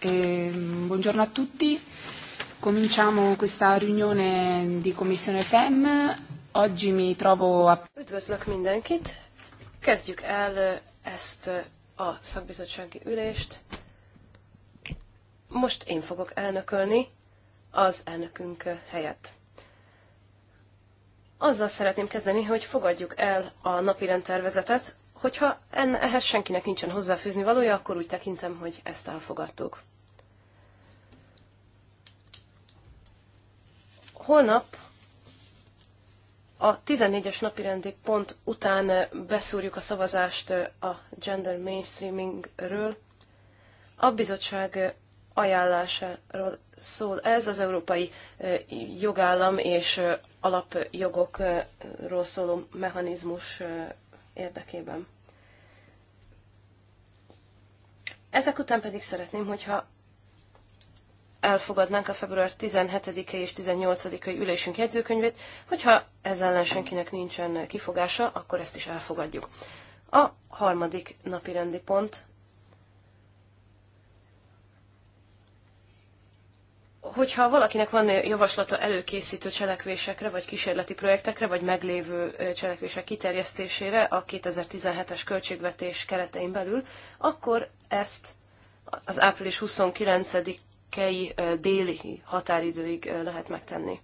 Eh, buongiorno a tutti. Cominciamo questa riunione di Commissione FEM. Oggi mi trovo a... Üdvözlök mindenkit. Kezdjük el eh, ezt a szakbizottsági ülést. Most én fogok elnökölni az elnökünk eh, helyett. Azzal szeretném kezdeni, hogy fogadjuk el a napi rendtervezetet, Hogyha enne, ehhez senkinek nincsen hozzáfűzni valója, akkor úgy tekintem, hogy ezt elfogadtuk. Holnap a 14-es napirendi pont után eh, beszúrjuk a szavazást eh, a gender mainstreamingről. A bizottság eh, ajánlásáról szól. Ez az európai jogállam és alapjogokról szóló mechanizmus érdekében. Ezek után pedig szeretném, hogyha elfogadnánk a február 17-e és 18-ai ülésünk jegyzőkönyvét, hogyha ezzel ellen senkinek nincsen kifogása, akkor ezt is elfogadjuk. A harmadik napi rendi pont hogyha valakinek van javaslata előkészítő cselekvésekre, vagy kísérleti projektekre, vagy meglévő cselekvések kiterjesztésére a 2017-es költségvetés keretein belül, akkor ezt az április 29-i déli határidőig lehet megtenni.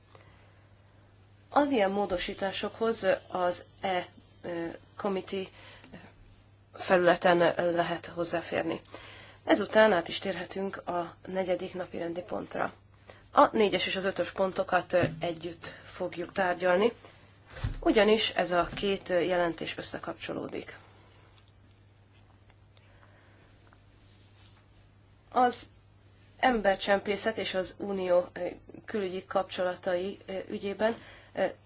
Az ilyen módosításokhoz az e komiti felületen lehet hozzáférni. Ezután át is térhetünk a negyedik napi rendi pontra a négyes és az ötös pontokat együtt fogjuk tárgyalni, ugyanis ez a két jelentés összekapcsolódik. Az embercsempészet és az unió külügyi kapcsolatai ügyében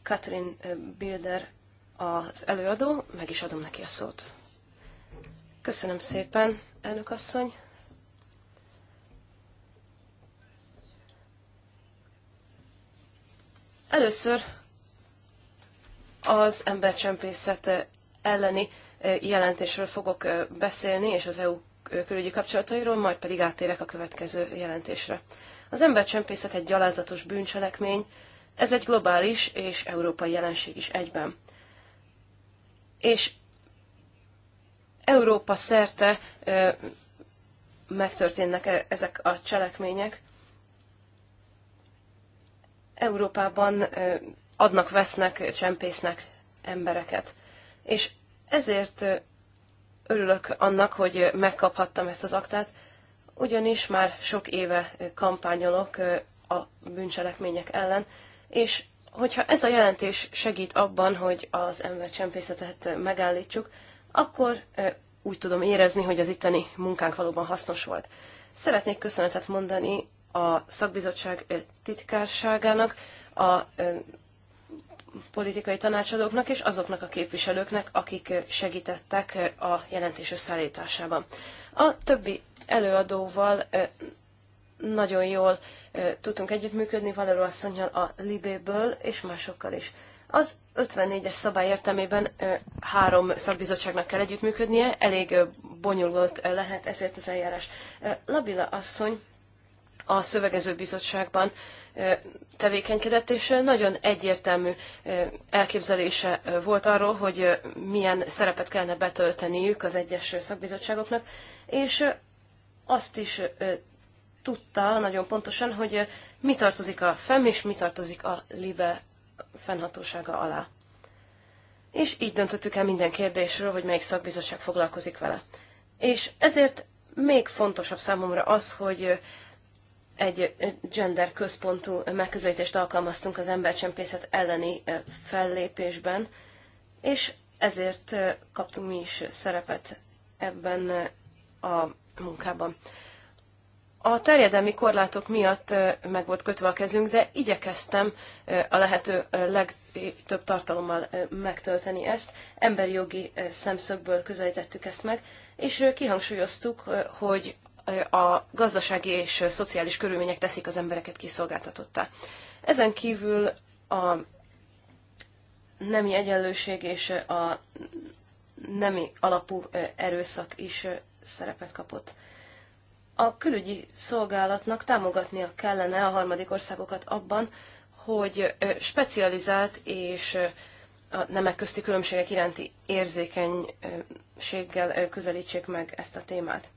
Katrin Bilder az előadó, meg is adom neki a szót. Köszönöm szépen, elnök asszony. Először az embercsempészet eh, elleni eh, jelentésről fogok eh, beszélni, és az EU külügyi kapcsolatairól, majd pedig áttérek a következő jelentésre. Az embercsempészet egy gyalázatos bűncselekmény, ez egy globális és európai jelenség is egyben. És Európa szerte megtörténnek ezek a cselekmények. Európában adnak, vesznek, csempésznek embereket. És ezért örülök annak, hogy megkaphattam ezt az aktát, ugyanis már sok éve kampányolok a bűncselekmények ellen, és hogyha ez a jelentés segít abban, hogy az ember csempészetet megállítsuk, akkor úgy tudom érezni, hogy az itteni munkánk valóban hasznos volt. Szeretnék köszönetet mondani a szakbizottság titkárságának, a politikai tanácsadóknak és azoknak a képviselőknek, akik segítettek a jelentés összeállításában. A többi előadóval nagyon jól tudtunk együttműködni, Valero asszonynal a Libéből és másokkal is. Az 54-es szabály értelmében három szakbizottságnak kell együttműködnie, elég bonyolult lehet ezért az eljárás. Labila asszony a szövegezőbizottságban tevékenykedett, és nagyon egyértelmű elképzelése volt arról, hogy milyen szerepet kellene betölteniük az egyes szakbizottságoknak, és azt is tudta nagyon pontosan, hogy mi tartozik a FEM és mi tartozik a LIBE fennhatósága alá. És így döntöttük el minden kérdésről, hogy melyik szakbizottság foglalkozik vele. És ezért még fontosabb számomra az, hogy egy gender központú megközelítést alkalmaztunk az embercsempészet elleni fellépésben, és ezért kaptunk mi is szerepet ebben a munkában. A terjedelmi korlátok miatt meg volt kötve a kezünk, de igyekeztem a lehető legtöbb tartalommal megtölteni ezt. Emberi jogi szemszögből közelítettük ezt meg, és kihangsúlyoztuk, hogy a gazdasági és szociális körülmények teszik az embereket kiszolgáltatottá. Ezen kívül a nemi egyenlőség és a nemi alapú erőszak is szerepet kapott. A külügyi szolgálatnak támogatnia kellene a harmadik országokat abban, hogy specializált és a nemek közti különbségek iránti érzékenységgel közelítsék meg ezt a témát.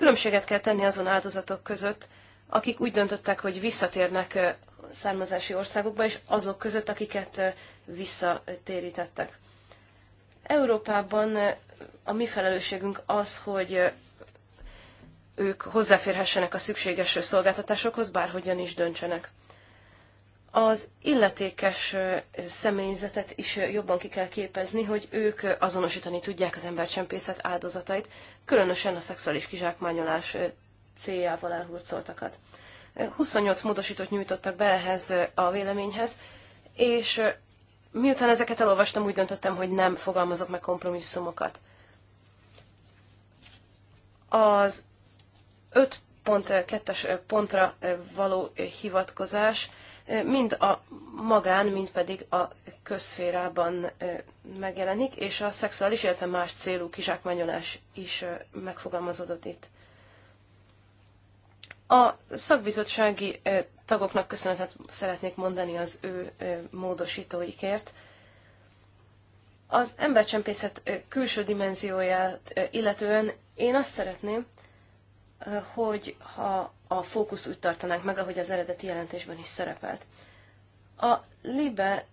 Különbséget kell tenni azon áldozatok között, akik úgy döntöttek, hogy visszatérnek származási országukba, és azok között, akiket visszatérítettek. Európában a mi felelősségünk az, hogy ők hozzáférhessenek a szükséges szolgáltatásokhoz, bárhogyan is döntsenek. Az illetékes személyzetet is jobban ki kell képezni, hogy ők azonosítani tudják az embercsempészet áldozatait, különösen a szexuális kizsákmányolás céljával elhurcoltakat. 28 módosítót nyújtottak be ehhez a véleményhez, és miután ezeket elolvastam, úgy döntöttem, hogy nem fogalmazok meg kompromisszumokat. Az 5.2-es pontra való hivatkozás mind a magán, mind pedig a közszférában megjelenik, és a szexuális, illetve más célú kizsákmányolás is megfogalmazódott itt. A szakbizottsági tagoknak köszönetet szeretnék mondani az ő módosítóikért. Az embercsempészet külső dimenzióját illetően én azt szeretném, hogy ha a fókusz úgy tartanánk meg, ahogy az eredeti jelentésben is szerepelt. A LIBE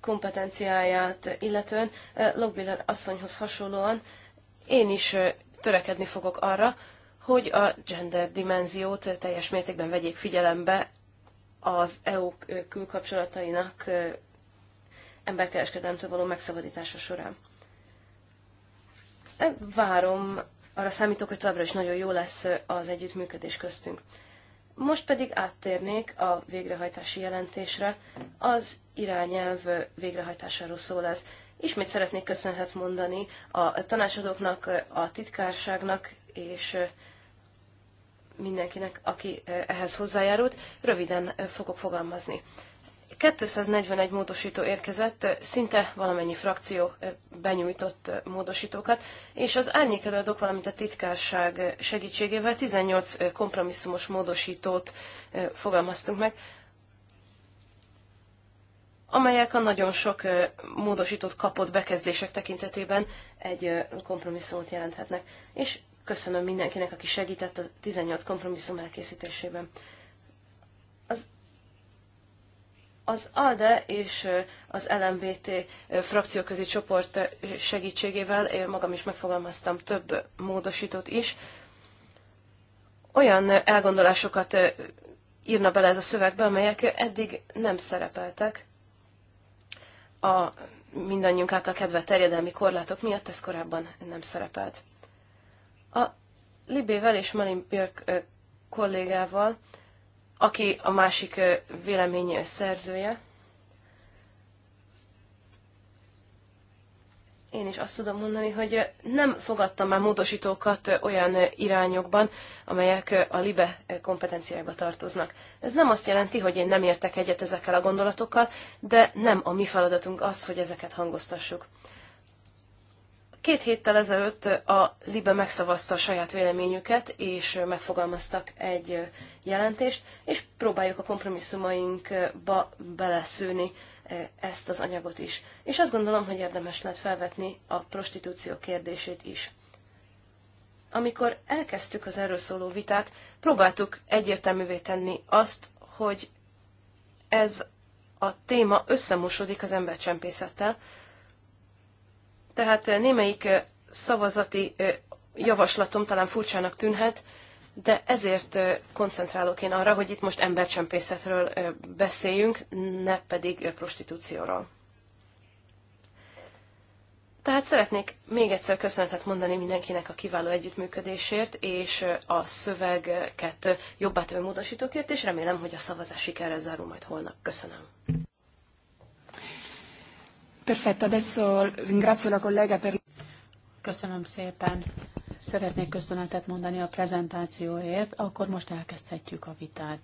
kompetenciáját illetően Logbiller asszonyhoz hasonlóan én is törekedni fogok arra, hogy a gender dimenziót teljes mértékben vegyék figyelembe az EU külkapcsolatainak emberkereskedelemtől való megszabadítása során. Várom, arra számítok, hogy továbbra is nagyon jó lesz az együttműködés köztünk. Most pedig áttérnék a végrehajtási jelentésre. Az irányelv végrehajtásáról szól ez. Ismét szeretnék köszönhet mondani a tanácsadóknak, a titkárságnak és mindenkinek, aki ehhez hozzájárult. Röviden fogok fogalmazni. 241 módosító érkezett, szinte valamennyi frakció benyújtott módosítókat, és az árnyékelőadók, valamint a titkárság segítségével 18 kompromisszumos módosítót fogalmaztunk meg, amelyek a nagyon sok módosított kapott bekezdések tekintetében egy kompromisszumot jelenthetnek. És köszönöm mindenkinek, aki segített a 18 kompromisszum elkészítésében. Az az ALDE és az LMBT frakcióközi csoport segítségével én magam is megfogalmaztam több módosítót is. Olyan elgondolásokat írna bele ez a szövegbe, amelyek eddig nem szerepeltek a mindannyiunk által kedve terjedelmi korlátok miatt ez korábban nem szerepelt. A Libével és Malin Björk kollégával aki a másik vélemény szerzője. Én is azt tudom mondani, hogy nem fogadtam már módosítókat olyan irányokban, amelyek a LIBE kompetenciájába tartoznak. Ez nem azt jelenti, hogy én nem értek egyet ezekkel a gondolatokkal, de nem a mi feladatunk az, hogy ezeket hangoztassuk. Két héttel ezelőtt a Libe megszavazta a saját véleményüket, és megfogalmaztak egy jelentést, és próbáljuk a kompromisszumainkba beleszűni e, ezt az anyagot is. És azt gondolom, hogy érdemes lehet felvetni a prostitúció kérdését is. Amikor elkezdtük az erről szóló vitát, próbáltuk egyértelművé tenni azt, hogy ez a téma összemosódik az embercsempészettel, tehát eh, némelyik eh, szavazati eh, javaslatom talán furcsának tűnhet, de ezért koncentrálok én arra, hogy itt most embercsempészetről beszéljünk, ne pedig prostitúcióról. Tehát szeretnék még egyszer köszönetet mondani mindenkinek a kiváló együttműködésért, és a szövegeket jobbá tevő módosítókért, és remélem, hogy a szavazás sikerrel zárul majd holnap. Köszönöm. Perfetto, adesso ringrazio la collega per... Köszönöm szépen. Szeretnék köszönetet mondani a prezentációért, akkor most elkezdhetjük a vitát.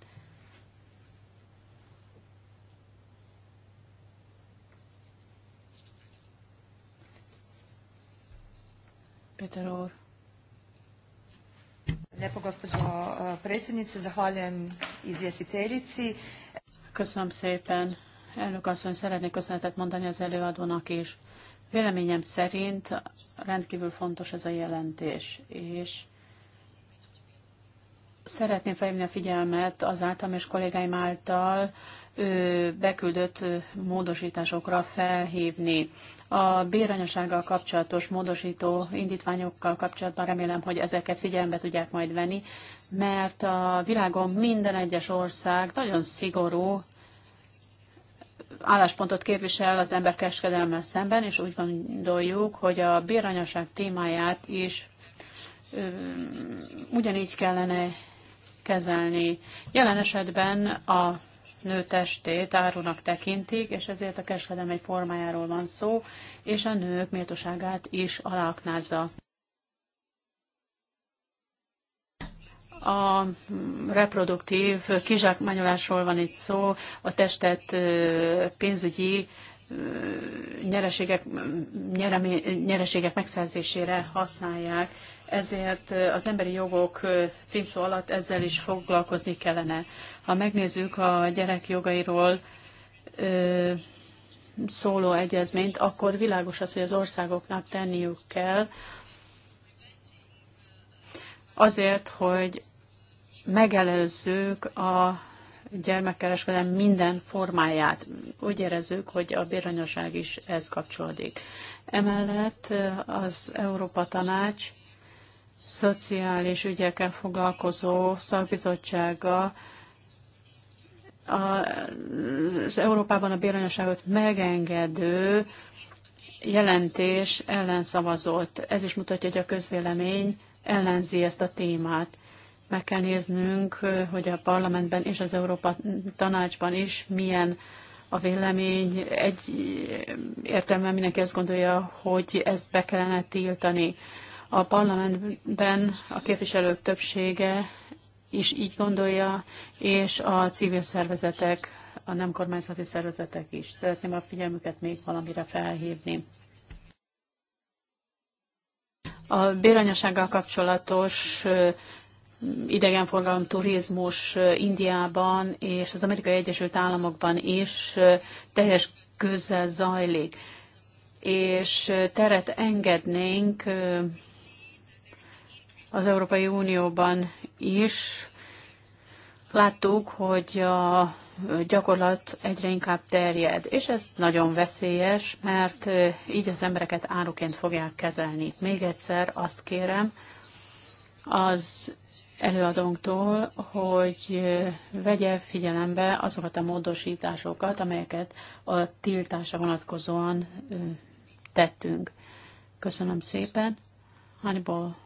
Peter Orr. Lijepo gospođo eh, predsjednice, zahvaljujem izvjestiteljici. Köszönöm szépen, Elnök asszony, szeretnék köszönetet mondani az előadónak is. Véleményem szerint rendkívül fontos ez a jelentés, és szeretném felhívni a figyelmet az általam és kollégáim által beküldött módosításokra felhívni. A béranyasággal kapcsolatos módosító indítványokkal kapcsolatban remélem, hogy ezeket figyelembe tudják majd venni, mert a világon minden egyes ország nagyon szigorú álláspontot képvisel az emberkereskedelemmel szemben, és úgy gondoljuk, hogy a béranyaság témáját is ugyanígy kellene kezelni. Jelen esetben a nő testét árunak tekintik, és ezért a egy formájáról van szó, és a nők méltóságát is aláknázza. a reproduktív kizsákmányolásról van itt szó, a testet pénzügyi nyereségek, nyeremé, nyereségek megszerzésére használják, ezért az emberi jogok címszó alatt ezzel is foglalkozni kellene. Ha megnézzük a gyerek jogairól szóló egyezményt, akkor világos az, hogy az országoknak tenniük kell, azért, hogy megelőzzük a gyermekkereskedelem minden formáját. Úgy érezzük, hogy a béranyaság is ez kapcsolódik. Emellett az Európa Tanács szociális ügyekkel foglalkozó szakbizottsága az Európában a béranyaságot megengedő jelentés ellen szavazott. Ez is mutatja, hogy a közvélemény ellenzi ezt a témát meg kell néznünk, hogy a parlamentben és az Európa tanácsban is milyen a vélemény. Egy értelemben mindenki azt gondolja, hogy ezt be kellene tiltani. A parlamentben a képviselők többsége is így gondolja, és a civil szervezetek, a nem kormányzati szervezetek is. Szeretném a figyelmüket még valamire felhívni. A béranyasággal kapcsolatos idegenforgalom, turizmus Indiában és az Amerikai Egyesült Államokban is teljes közzel zajlik. És teret engednénk az Európai Unióban is. Láttuk, hogy a gyakorlat egyre inkább terjed, és ez nagyon veszélyes, mert így az embereket áruként fogják kezelni. Még egyszer azt kérem, az előadónktól, hogy vegye figyelembe azokat a módosításokat, amelyeket a tiltása vonatkozóan tettünk. Köszönöm szépen. Hannibal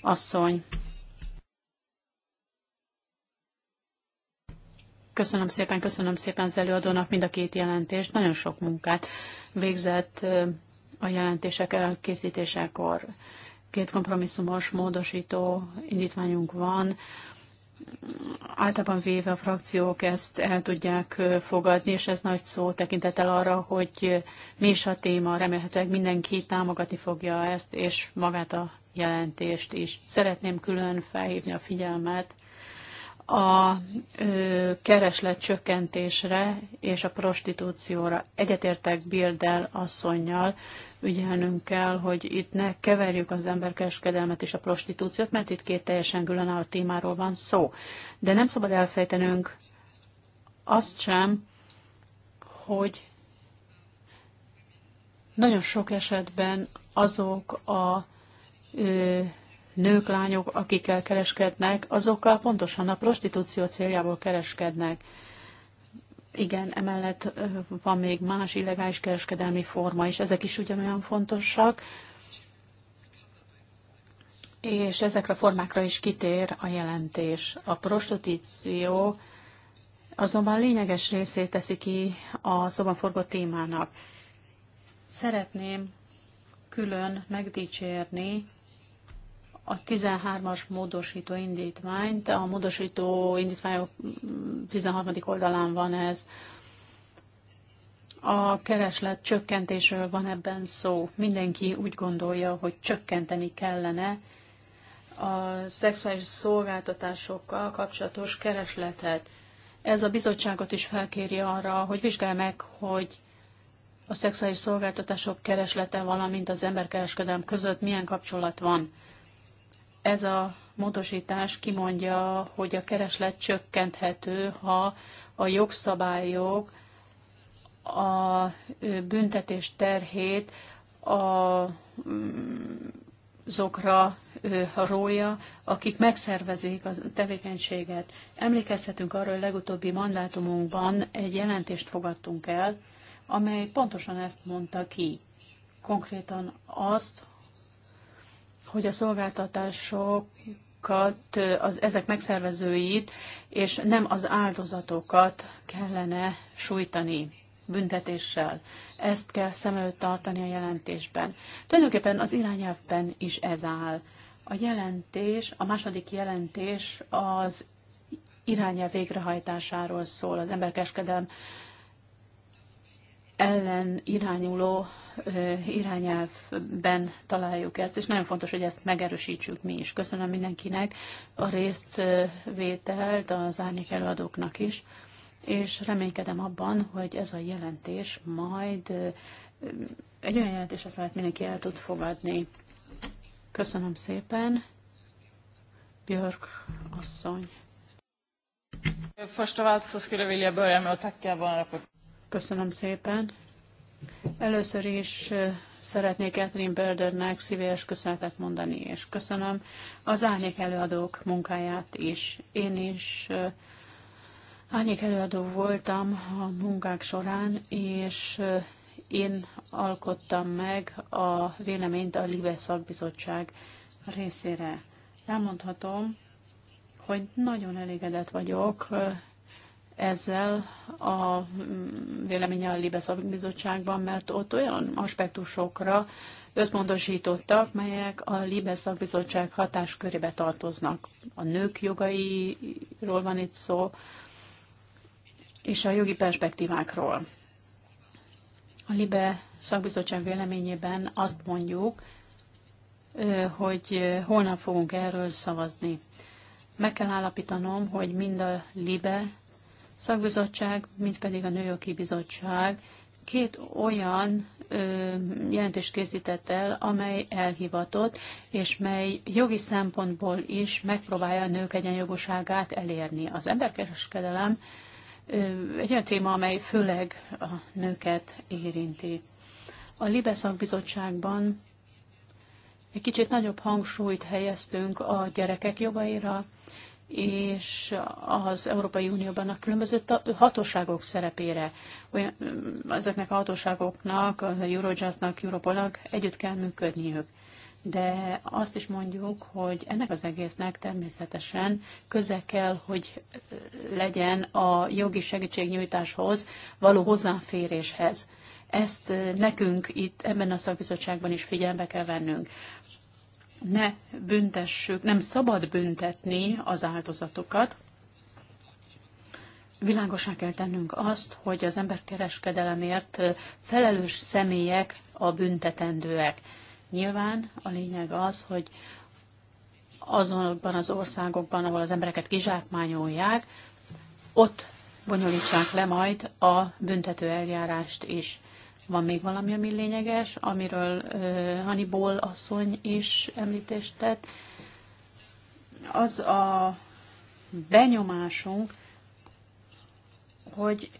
asszony. Köszönöm szépen, köszönöm szépen az előadónak mind a két jelentést. Nagyon sok munkát végzett a jelentések elkészítésekor két kompromisszumos módosító indítványunk van. Általában véve a frakciók ezt el tudják fogadni, és ez nagy szó tekintettel arra, hogy mi is a téma, remélhetőleg mindenki támogatni fogja ezt, és magát a jelentést is. Szeretném külön felhívni a figyelmet a kereslet csökkentésre és a prostitúcióra. Egyetértek Birdel asszonynal, ügyelnünk kell, hogy itt ne keverjük az emberkereskedelmet és a prostitúciót, mert itt két teljesen különálló témáról van szó. De nem szabad elfejtenünk azt sem, hogy nagyon sok esetben azok a ö, nők, lányok, akikkel kereskednek, azokkal pontosan a prostitúció céljából kereskednek igen, emellett van még más illegális kereskedelmi forma is, ezek is ugyanolyan fontosak, és ezekre a formákra is kitér a jelentés. A prostitúció azonban lényeges részét teszi ki a szóban forgó témának. Szeretném külön megdicsérni a 13-as módosító indítványt. A módosító indítványok 13. Mm, oldalán van ez. A kereslet csökkentésről van ebben szó. Mindenki úgy gondolja, hogy csökkenteni kellene a szexuális szolgáltatásokkal kapcsolatos keresletet. Ez a bizottságot is felkéri arra, hogy vizsgálj meg, hogy a szexuális szolgáltatások kereslete, valamint az emberkereskedelem között milyen kapcsolat van. Ez a módosítás kimondja, hogy a kereslet csökkenthető, ha a jogszabályok a büntetés terhét a, mm, azokra rója, akik megszervezik a tevékenységet. Emlékezhetünk arról, hogy legutóbbi mandátumunkban egy jelentést fogadtunk el, amely pontosan ezt mondta ki. Konkrétan azt, hogy a szolgáltatásokat, az, ezek megszervezőit, és nem az áldozatokat kellene sújtani büntetéssel. Ezt kell szem előtt tartani a jelentésben. Tulajdonképpen az irányelvben is ez áll. A jelentés, a második jelentés az irányelv végrehajtásáról szól, az emberkeskedelem ellen irányuló irányelvben találjuk ezt, és nagyon fontos, hogy ezt megerősítsük mi is. Köszönöm mindenkinek a résztvételt, az árnyék előadóknak is, és reménykedem abban, hogy ez a jelentés majd egy olyan jelentés, amit mindenki el tud fogadni. Köszönöm szépen. Björk asszony. Först av allt så skulle jag vilja börja med att tacka vår Köszönöm szépen. Először is szeretnék Catherine Birdernek szíves köszönetet mondani, és köszönöm az árnyék előadók munkáját is. Én is árnyék előadó voltam a munkák során, és én alkottam meg a véleményt a Libe szakbizottság részére. Elmondhatom, hogy nagyon elégedett vagyok ezzel a mm, véleménye a Libe bizottságban, mert ott olyan aspektusokra összpontosítottak, melyek a Libe Szakbizottság hatáskörébe tartoznak. A nők jogairól van itt szó, és a jogi perspektívákról. A Libe Szakbizottság véleményében azt mondjuk, hogy holnap fogunk erről szavazni. Meg kell állapítanom, hogy mind a Libe szakbizottság, mint pedig a Nőjogi Bizottság két olyan ö, jelentést készített el, amely elhivatott, és mely jogi szempontból is megpróbálja a nők egyenjogúságát elérni. Az emberkereskedelem ö, egy olyan téma, amely főleg a nőket érinti. A Libe szakbizottságban egy kicsit nagyobb hangsúlyt helyeztünk a gyerekek jogaira, és az Európai Unióban a különböző hatóságok szerepére. Olyan, mm, ezeknek a hatóságoknak, a Eurojustnak, Europolnak együtt kell működniük. De azt is mondjuk, hogy ennek az egésznek természetesen köze kell, hogy legyen a jogi segítségnyújtáshoz való hozzáféréshez. Ezt nekünk itt ebben a szakbizottságban is figyelme kell vennünk ne büntessük, nem szabad büntetni az áldozatokat. Világosá kell tennünk azt, hogy az emberkereskedelemért felelős személyek a büntetendőek. Nyilván a lényeg az, hogy azonban az országokban, ahol az embereket kizsákmányolják, ott bonyolítsák le majd a büntető eljárást is. Van még valami, ami lényeges, amiről Hannibal asszony is említést tett. Az a benyomásunk, hogy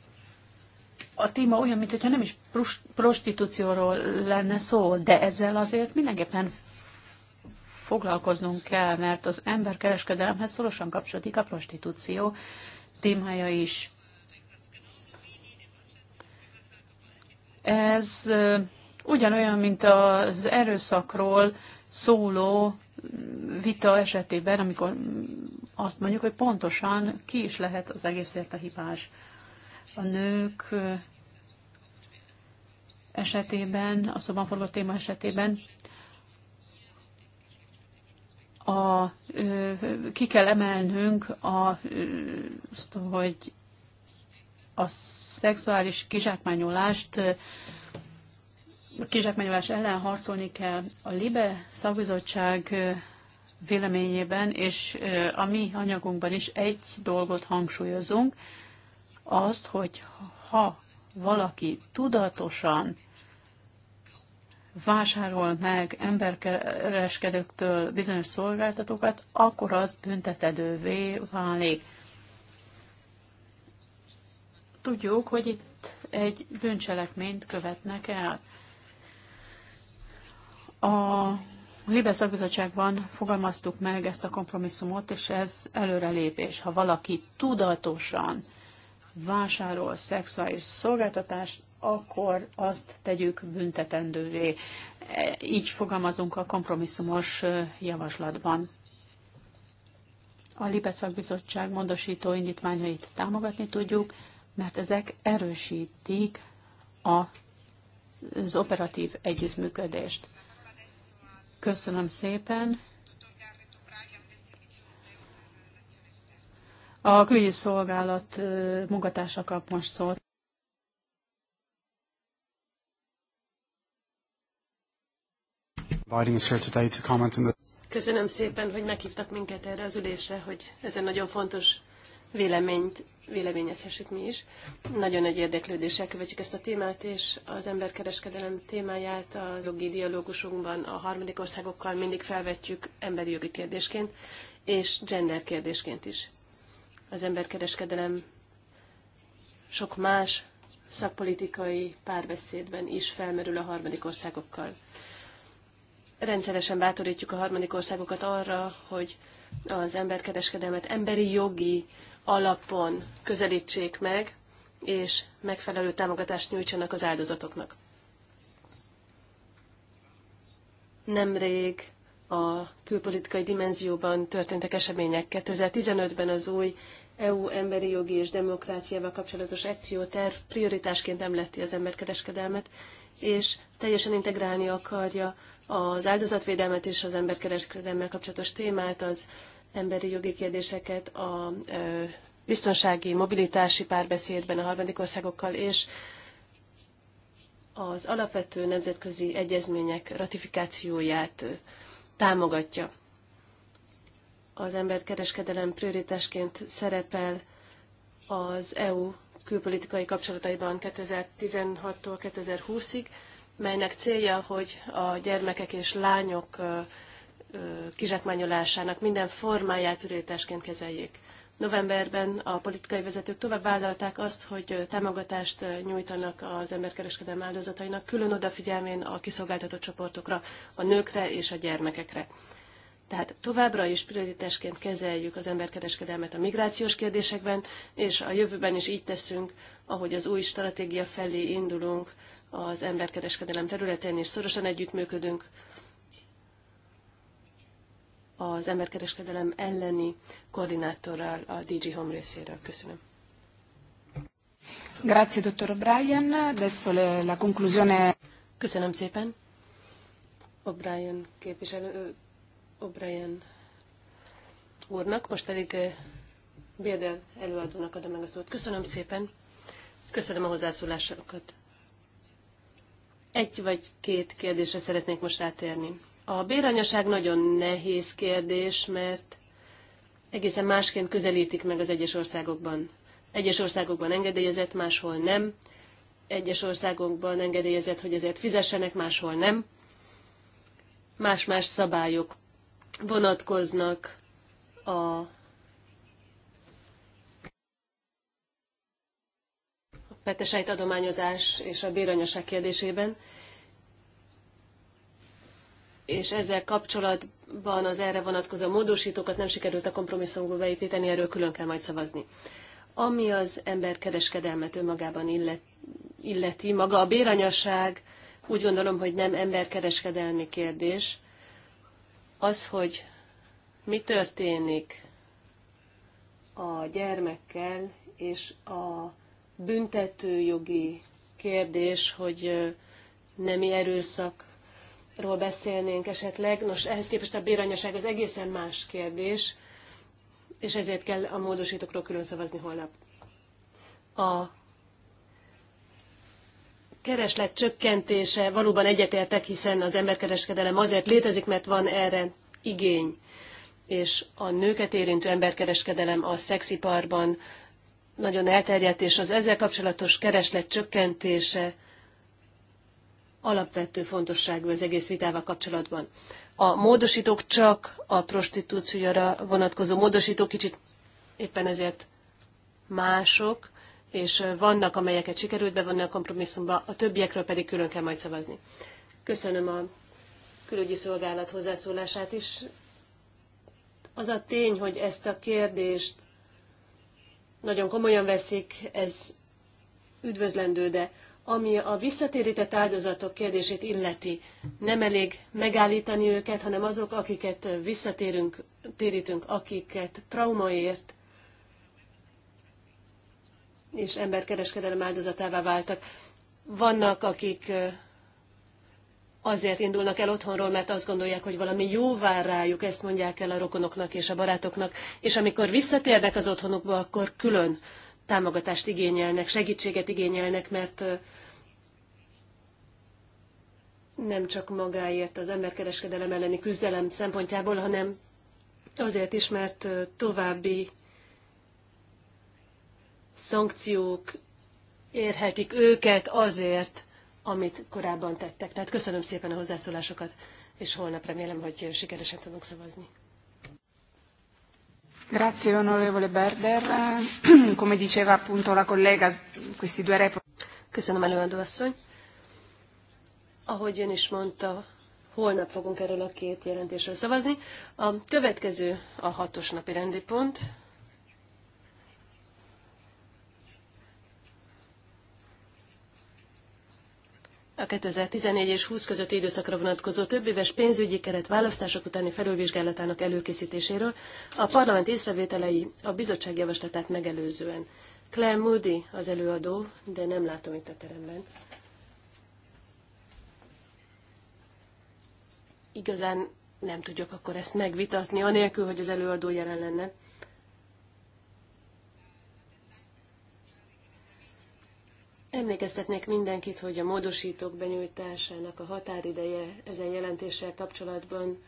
a téma olyan, mintha nem is prostitúcióról lenne szó, de ezzel azért mindenképpen foglalkoznunk kell, mert az emberkereskedelemhez szorosan kapcsolódik a prostitúció témája is. Ez ugyanolyan, mint az erőszakról szóló vita esetében, amikor azt mondjuk, hogy pontosan ki is lehet az egészért a hibás. A nők esetében, a szóban forgott téma esetében a, ki kell emelnünk azt, hogy a szexuális kizsákmányolást kizsákmányolás ellen harcolni kell. A LIBE szakbizottság véleményében és a mi anyagunkban is egy dolgot hangsúlyozunk, azt, hogy ha valaki tudatosan vásárol meg emberkereskedőktől bizonyos szolgáltatókat, akkor az büntetedővé válik. Tudjuk, hogy itt egy bűncselekményt követnek el. A Libes szakbizottságban fogalmaztuk meg ezt a kompromisszumot, és ez előrelépés. Ha valaki tudatosan vásárol szexuális szolgáltatást, akkor azt tegyük büntetendővé. E, így fogalmazunk a kompromisszumos javaslatban. A Libes szakbizottság módosító indítványait támogatni tudjuk, mert ezek erősítik a, az operatív együttműködést. Köszönöm szépen. A külügyi szolgálat munkatársa kap most szót. Köszönöm szépen, hogy meghívtak minket erre az ülésre, hogy ezen nagyon fontos véleményt véleményezhessük mi is. Nagyon nagy érdeklődéssel követjük ezt a témát, és az emberkereskedelem témáját a jogi dialógusunkban a harmadik országokkal mindig felvetjük emberi jogi kérdésként, és gender kérdésként is. Az emberkereskedelem sok más szakpolitikai párbeszédben is felmerül a harmadik országokkal. Rendszeresen bátorítjuk a harmadik országokat arra, hogy az emberkereskedelmet emberi jogi alapon közelítsék meg, és megfelelő támogatást nyújtsanak az áldozatoknak. Nemrég a külpolitikai dimenzióban történtek események. 2015-ben az új EU emberi jogi és demokráciával kapcsolatos akcióterv prioritásként emletti az emberkereskedelmet, és teljesen integrálni akarja az áldozatvédelmet és az emberkereskedelmmel kapcsolatos témát az emberi jogi kérdéseket a biztonsági mobilitási párbeszédben a harmadik országokkal, és az alapvető nemzetközi egyezmények ratifikációját támogatja. Az emberkereskedelem prioritásként szerepel az EU külpolitikai kapcsolataiban 2016-tól 2020-ig, melynek célja, hogy a gyermekek és lányok kizsákmányolásának minden formáját prioritásként kezeljék. Novemberben a politikai vezetők tovább vállalták azt, hogy támogatást nyújtanak az emberkereskedelem áldozatainak, külön odafigyelmén a kiszolgáltatott csoportokra, a nőkre és a gyermekekre. Tehát továbbra is prioritásként kezeljük az emberkereskedelmet a migrációs kérdésekben, és a jövőben is így teszünk, ahogy az új stratégia felé indulunk az emberkereskedelem területén, és szorosan együttműködünk az emberkereskedelem elleni koordinátorral a DG Home részéről. Köszönöm. Grazie, dottor O'Brien. Adesso le, la conclusione... Köszönöm szépen. O'Brien képviselő, O'Brien úrnak, most pedig Bérdel előadónak adom meg a szót. Köszönöm szépen. Köszönöm a hozzászólásokat. Egy vagy két kérdésre szeretnék most rátérni. A béranyaság nagyon nehéz kérdés, mert egészen másként közelítik meg az egyes országokban. Egyes országokban engedélyezett, máshol nem. Egyes országokban engedélyezett, hogy ezért fizessenek, máshol nem. Más-más szabályok vonatkoznak a petesejt adományozás és a béranyaság kérdésében és ezzel kapcsolatban az erre vonatkozó módosítókat nem sikerült a kompromisszumból beépíteni, erről külön kell majd szavazni. Ami az kereskedelmet önmagában illet, illeti, maga a béranyaság, úgy gondolom, hogy nem emberkereskedelmi kérdés. Az, hogy mi történik a gyermekkel, és a büntetőjogi kérdés, hogy nemi erőszak ról beszélnénk esetleg. Nos, ehhez képest a béranyaság az egészen más kérdés, és ezért kell a módosítókról külön szavazni holnap. A kereslet csökkentése valóban egyetértek, hiszen az emberkereskedelem azért létezik, mert van erre igény. És a nőket érintő emberkereskedelem a szexiparban nagyon elterjedt, és az ezzel kapcsolatos kereslet csökkentése alapvető fontosságú az egész vitával kapcsolatban. A módosítók csak a prostitúcióra vonatkozó módosítók kicsit éppen ezért mások, és vannak, amelyeket sikerült bevonni a kompromisszumba, a többiekről pedig külön kell majd szavazni. Köszönöm a külügyi szolgálat hozzászólását is. Az a tény, hogy ezt a kérdést nagyon komolyan veszik, ez üdvözlendő, de ami a visszatérített áldozatok kérdését illeti, nem elég megállítani őket, hanem azok, akiket visszatérünk, térítünk, akiket traumaért és emberkereskedelem áldozatává váltak. Vannak, akik azért indulnak el otthonról, mert azt gondolják, hogy valami jó vár rájuk, ezt mondják el a rokonoknak és a barátoknak, és amikor visszatérnek az otthonukba, akkor külön támogatást igényelnek, segítséget igényelnek, mert nem csak magáért az emberkereskedelem elleni küzdelem szempontjából, hanem azért is, mert további szankciók érhetik őket azért, amit korábban tettek. Tehát köszönöm szépen a hozzászólásokat, és holnap remélem, hogy sikeresen tudunk szavazni. Grazie onorevole Berder. Come diceva appunto la collega, questi due report. Köszönöm előadó asszony. Ahogy ön is mondta, holnap fogunk erről a két jelentésről szavazni. A következő a hatos napi rendi pont. A 2014 és 20 közötti időszakra vonatkozó többéves pénzügyi keret választások utáni felülvizsgálatának előkészítéséről a parlament észrevételei a bizottság javaslatát megelőzően. Claire Moody az előadó, de nem látom itt a teremben. igazán nem tudjuk akkor ezt megvitatni, anélkül, hogy az előadó jelen lenne. Emlékeztetnék mindenkit, hogy a módosítók benyújtásának a határideje ezen jelentéssel kapcsolatban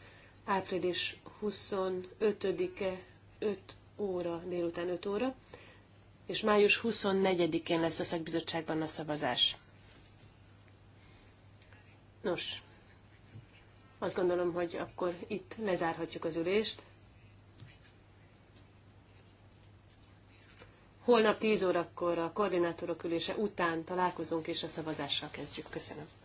április 25-e 5 óra, délután 5 óra, és május 24-én lesz a szakbizottságban a szavazás. Nos, azt gondolom, hogy akkor itt lezárhatjuk az ülést. Holnap 10 órakor a koordinátorok ülése után találkozunk és a szavazással kezdjük. Köszönöm.